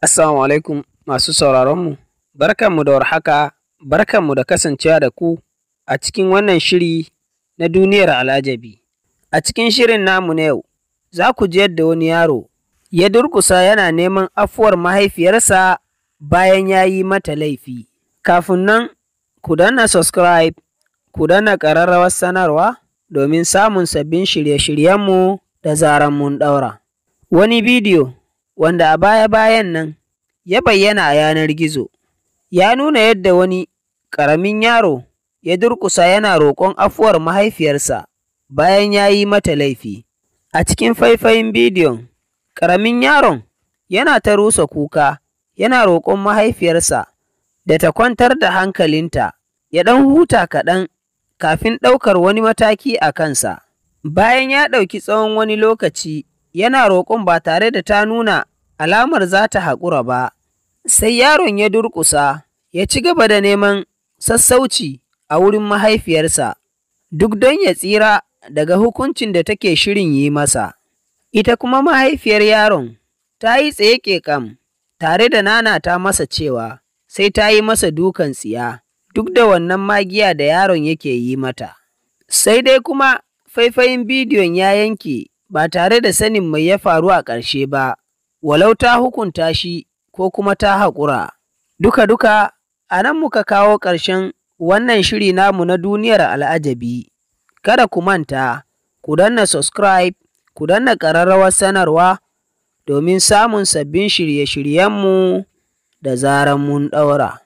Assalamu alaikum masu sauraronmu, barkanmu da warhaka, barkanmu da kasancewa da ku a cikin wannan shiri na duniyar al'ajabi. A cikin shirin namu na yau, za ku ji yadda wani yaro ya durkusa yana neman afuwar mahaifiyarsa bayan ya yi mata laifi. Kafin nan, ku danna subscribe, ku danna ƙararrawar sanarwa domin samun sabbin shirye-shiryenmu da zaran mun ɗaura. Wani bidiyo wanda a baya-bayan nan ya bayyana a yanar gizo, ya nuna yadda wani ƙaramin yaro ya durƙusa yana roƙon afuwar mahaifiyarsa bayan ya yi mata laifi. A cikin faifayin bidiyon, ƙaramin yaron yana ta rusa kuka, yana roƙon mahaifiyarsa da ta kwantar da hankalinta, ya ɗan huta kaɗan kafin ɗaukar wani mataki a kansa. Bayan ya ɗauki tsawon wani lokaci yana roƙon ba tare da ta nuna alamar za ta haƙura ba. Sai yaron ya durƙusa, ya ci gaba da neman sassauci a wurin mahaifiyarsa, duk don ya tsira daga hukuncin da take shirin yi masa. Ita kuma mahaifiyar yaron ta yi tsaye ƙeƙam tare da nana ta masa cewa sai ta yi masa dukan tsiya duk da wannan magiya da yaron yake yi mata. Sai dai kuma faifayin bidiyon ya yanke ba tare da sanin mai ya faru a ƙarshe ba, walau ta hukunta shi ko kuma ta haƙura. Duka-duka, a nan muka kawo ƙarshen wannan shiri namu na duniyar al'ajabi. Kada ku manta, ku danna subscribe, ku danna ƙararrawar sanarwa domin samun sabbin shirye-shiryenmu da zaran mun ɗaura.